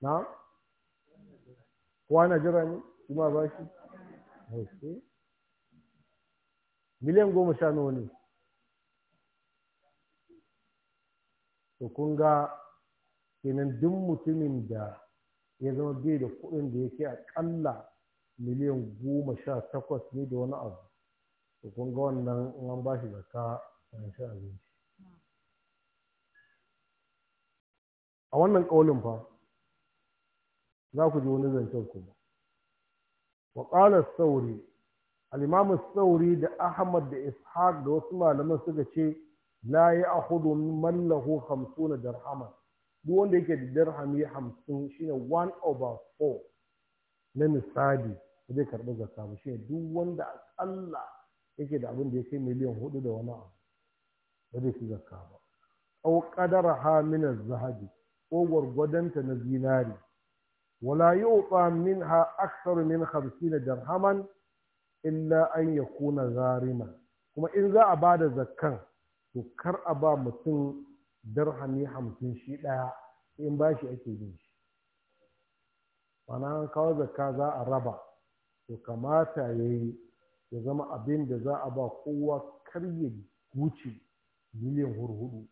na kwana jira ne shi ma ba shi miliyan goma sha nawa ne to kun ga kenan duk mutumin da ya zama bai da kuɗin da yake akalla miliyan goma sha takwas ne da wani abu to kun ga wannan an ba shi zakka a sha abinci a wannan ƙaunin fa za ku ji wani zancen kuma wa sauri alimamu sauri da ahmad da ishaq da wasu malaman suka ce la a hudun mallahu hamsuna darhaman duk wanda yake da dirhami hamsin shine one over four na misali zai karɓi zakka ba shi duk wanda aƙalla yake da abin da ya kai miliyan hudu da wani abu ba zai fi zakka ba A qadara ha min zahabi ko gwargwadonta na zinari wala yu'ta minha akthar min 50 dirhaman illa an yakuna zarima. kuma in za a ba da zakkan to kar a ba mutum darhami hamsin shi ɗaya in ba shi ake yin shi ma'ana an kawo zakka za a raba to kamata ya yi ya zama abin da za a ba kowa kar ya wuce miliyan hurhudu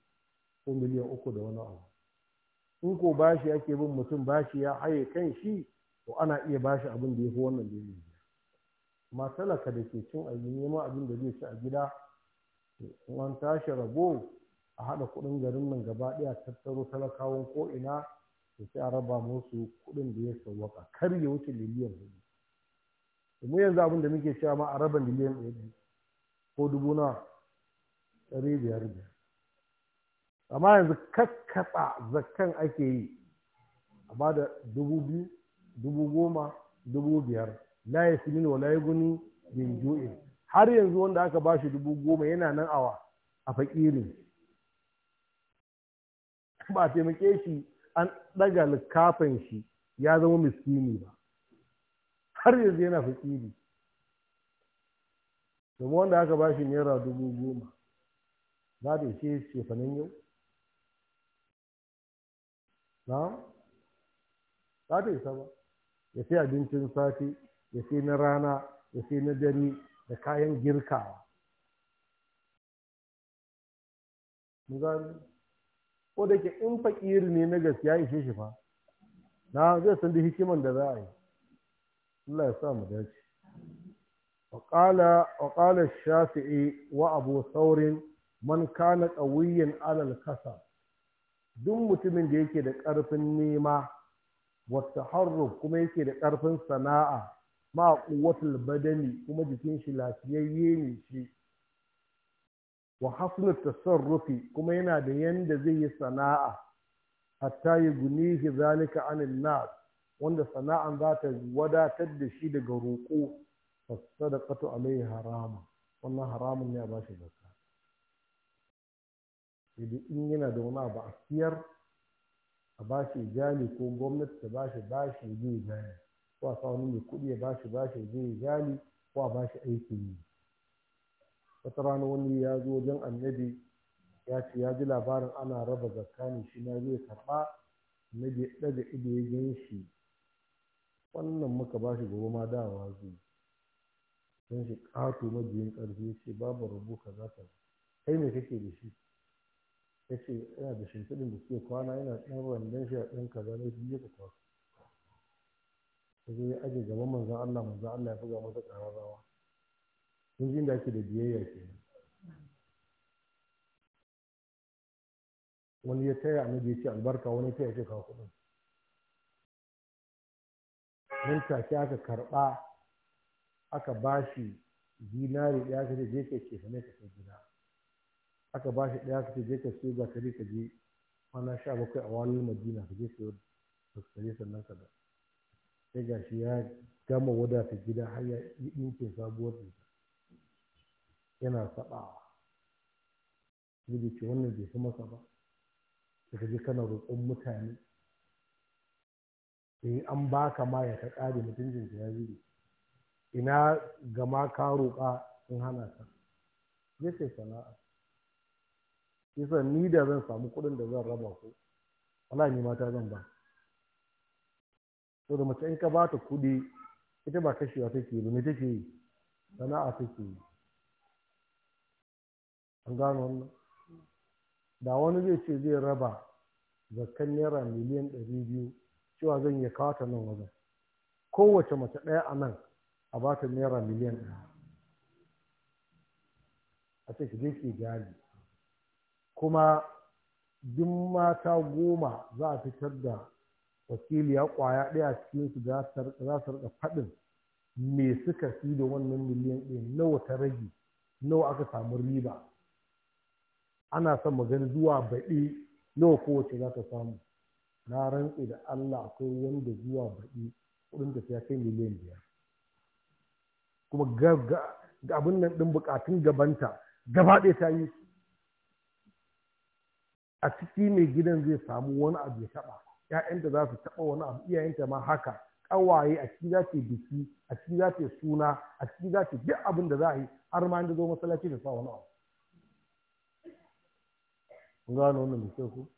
ko miliyan uku da wani abu in ko bashi ake bin mutum bashi ya haye kan shi to ana iya bashi abin da ya fi wannan da ya amma talaka da ke cin abin neman abin da zai ci a gida an tashi rago a haɗa kuɗin garin nan gaba ɗaya tattaro talakawan ko'ina ina da sai a raba musu kuɗin da ya sauwaka kar ya wuce miliyan hudu mu yanzu abin da muke shama a raba miliyan ɗaya ko dubu nawa ɗari biyar biyar amma yanzu kakkatsa zakkan ake yi a ba da dubu biyu dubu goma dubu biyar la sinin wa la guni bin ju'in har yanzu wanda aka ba shi dubu goma yana nan awa a faƙiri. ba taimake shi an ɗaga likafin shi ya zama miskini ba har yanzu yana fakiri domin wanda aka ba shi naira dubu goma za ta ishe cefanen yau na za ta isa ba ya sai abincin safe ya sai na rana ya sai na dare da kayan girkawa ko da ke in fakiri ne na gaskiya ishe shi fa na zai san da hikiman da za a yi Allah ya sa mu dace وقال shafi'i wa abu man kana qawiyan alal kasa duk mutumin da yake da ƙarfin nema wa taharruf kuma yake da ƙarfin sana'a ma quwwatul badani kuma jikin shi lafiyayye ne shi wa hasnu tasarrufi kuma yana da yanda zai yi sana'a hatta yugnihi zalika anil nas wanda sana'an za ta wadatar da shi daga roƙo a alayhi harama wannan haramun ne a bashi zakka idan in yana da wani abu a siyar a bashi jali ko gwamnati ta bashi bashi zai jali ko a sa wani mai kuɗi ya bashi bashi zai jali ko a bashi aikin yi wata rana wani ya zo wajen annabi ya ce ya ji labarin ana raba zakka ne shi na zai karɓa annabi ya ɗaga ido ya gan shi wannan muka ba shi gobe ma dawa zai don shi ƙato majiyin ƙarfi ce babu rubu ka za ka kai me kake da shi ya ce yana da shimfiɗin da suke kwana yana ɗan wandon shi a ɗan kaza ne shi je ka kwasu Ya zo ya aje gaban manzan Allah manzan Allah ya buga masa ƙararrawa sun ji inda ake da biyayya ke kenan wani ya taya a ya ce albarka wani ya taya ce kawo kuɗin nan take aka karɓa aka bashi shi dinari ɗaya ka ce je ka ce ka kai gida aka ba shi ɗaya ka ce je ka siyo ga ka je kwana sha bakwai a walin madina ka je siyo kare sannan ka da sai ga shi ya gama wadata gida har ya yi ɗinkin sabuwar ɗinka yana saɓawa zai ce wannan bai fi masa ba ka je kana roƙon mutane in an baka ma ya ta ƙare mutuncin ka ya ina gama ka roƙa in hana ka ya ce sana'a sa ni da zan samu kuɗin da zan raba ku wala ni mata zan ba saboda mace in ka ba ta kuɗi ita ba kashewa take yi me take yi sana'a take yi an gano wannan da wani zai ce zai raba zakkan naira miliyan ɗari biyu cewa zan iya kawo ta nan wajen kowace mace ɗaya a nan a ba ta naira miliyan ɗaya a ce ki je ki jari kuma duk mata goma za a fitar da wakiliya ƙwaya ɗaya a cikin su za su rika faɗin me suka fi da wannan miliyan ɗaya nawa ta rage nawa aka samu riba ana son magana zuwa baɗi nawa kowace za ta samu na rantse da Allah akwai wanda zuwa baɗi kudin tafiya kai miliyan biyar kuma ga abin nan ɗin bukatun gabanta gaba ɗaya ta yi a ciki mai gidan zai samu wani abu ya taɓa ‘ya'yanta za su taɓa wani abu iyayenta ma haka ƙawaye a ciki za ta biki a ciki za ta suna a ciki za ta duk abin da za a yi har ma inda zo masallaci da sa wani abu. Gano wannan da kyau ko?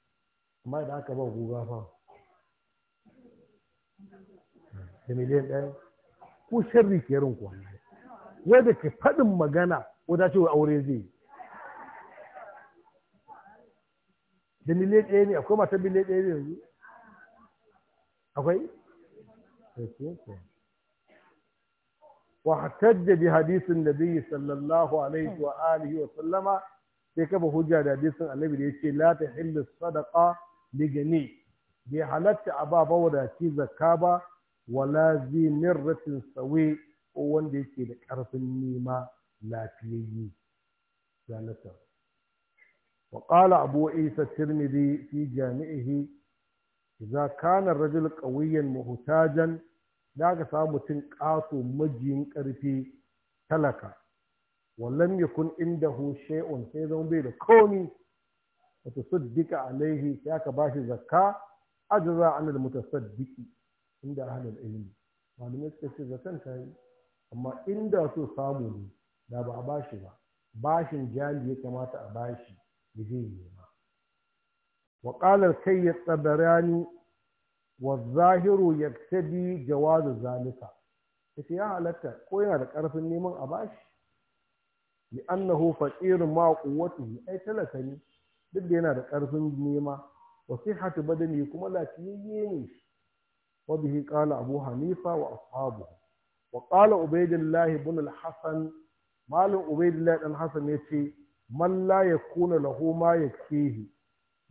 amma da aka ba guga fa da miliyan ɗaya ko sharri ke yarin kuwa wadda ke faɗin magana wadda ce wa aure zai yi da miliyan ɗaya ne akwai matan miliyan ɗaya ne yanzu akwai Wa da واحتج بحديث sallallahu alaihi الله عليه wa sallama sai kafa hujja da hadisin annabi da yake la ta hillu sadaqa ligani bai halatta a ba mawadaci zakka ba wala zai mirratin tsawe ko wanda yake da ƙarfin nema lafiyayye janata wa qala abu isa tirmidhi fi jami'ihi idza kana ar-rajul qawiyyan muhtajan daga samu mutum majiyin ƙarfi talaka wallan yakun indahu shay'un sai zama bai da komi wa a alaihi sai aka bashi zakka ajza an almutasaddiqi inda halin ilimi. malamai suka ce zakan ta yi amma inda so samu ne da ba a bashi ba bashin jali ya kamata a bashi da zai nema wa kai ya rani wa zahiru yaktabi jawazu zalika yace ya halatta ko yana da ƙarfin neman a bashi li annahu faqirun ma quwwatihi ai talaka ne duk da yana da ƙarfin nema wa da badani kuma lafiyayye ne shi wa bihi qala abu hanifa wa ashabu wa qala ubaydillah ibn al-hasan malam ubaydillah ibn hasan yace man la yakuna lahu ma yakfihi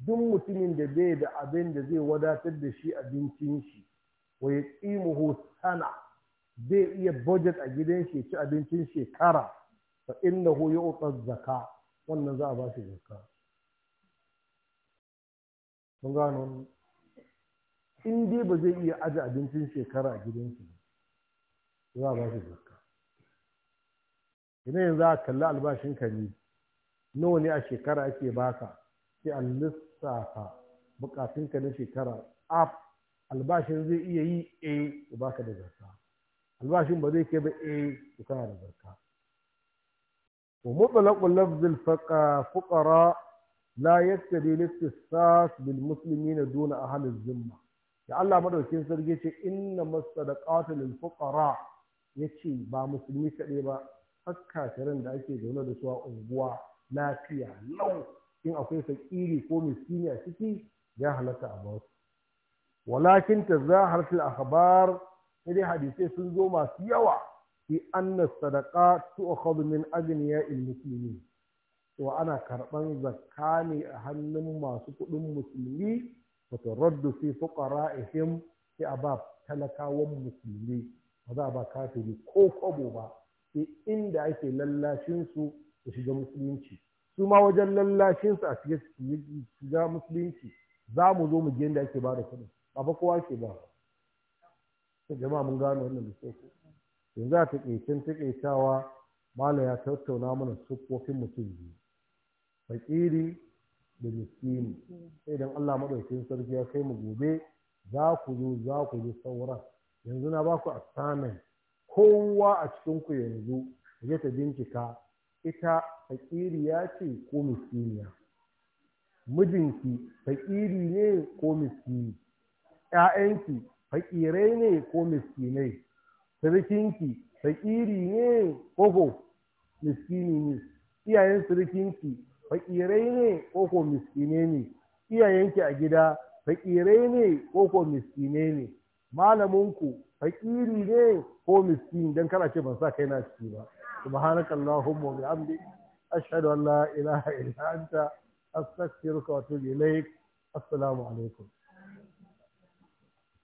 duk mutumin da bai da abin da zai wadatar da shi abincin shi wa yaqimuhu sana bai iya bajet a gidan shi ci abincin shekara fa innahu yu'ta zaka, wannan za a ba shi zakka sun gano in dai ba zai iya aje abincin shekara a gidansu ba za a ba shi zakka idan yanzu a kalli albashin ka ne nawa ne a shekara ake baka sai a lissafa bukatun ka na shekara af albashin zai iya yi a ya baka da zakka albashin ba zai kai ba a ya kana da zakka wa mutsalaqul lafzil fuqara la yaktadi listisas na muslimina a halin zimma ya Allah madaukin sarki ce inna masadaqatu lil fuqara yace ba musulmi kaɗai ba hakka kafirin da ake zaune da su a unguwa lafiya lau in akwai fakiri ko miskini a ciki ya halatta a basu walakin tazahar fil akhbar sai hadisai sun zo masu yawa fi anna sadaqa tu'khadhu min aghniya al muslimin to ana karɓan zakka ne a hannun masu kuɗin musulmi wato raddu fi fuqara'ihim sai a ba talakawan musulmi ba za ba kafiri ko kwabo ba sai inda ake lallashin su su shiga musulunci su ma wajen lallashin su a shiga musulunci za mu zo mu je inda ake ba da kuɗin ba kowa ke ba jama'a mun gano wannan da sai yanzu a taƙaicen taƙaitawa malam ya tattauna mana siffofin mutum biyu fakiri da miskini sai idan Allah madaukakin sarki ya kai mu gobe za ku zo za ku ji sauran yanzu na baku assignment kowa a cikin ku yanzu ya ta bincika ita ya ce ko miskiniya mijinki fakiri ne ko miskini ‘ya'yanki fakirai ne ko miskinai sarkinki fakiri ne ko miskini ne iyayen sarkinki fakirai ne ko miskine ne iyayenki a gida fakirai ne ko miskine ne malaminku fakiri ne ko miskin dan kana ce ban sa kai na ciki ba subhanaka allahumma wa bihamdi ashhadu an la ilaha illa anta astaghfiruka wa atubu ilaik assalamu alaikum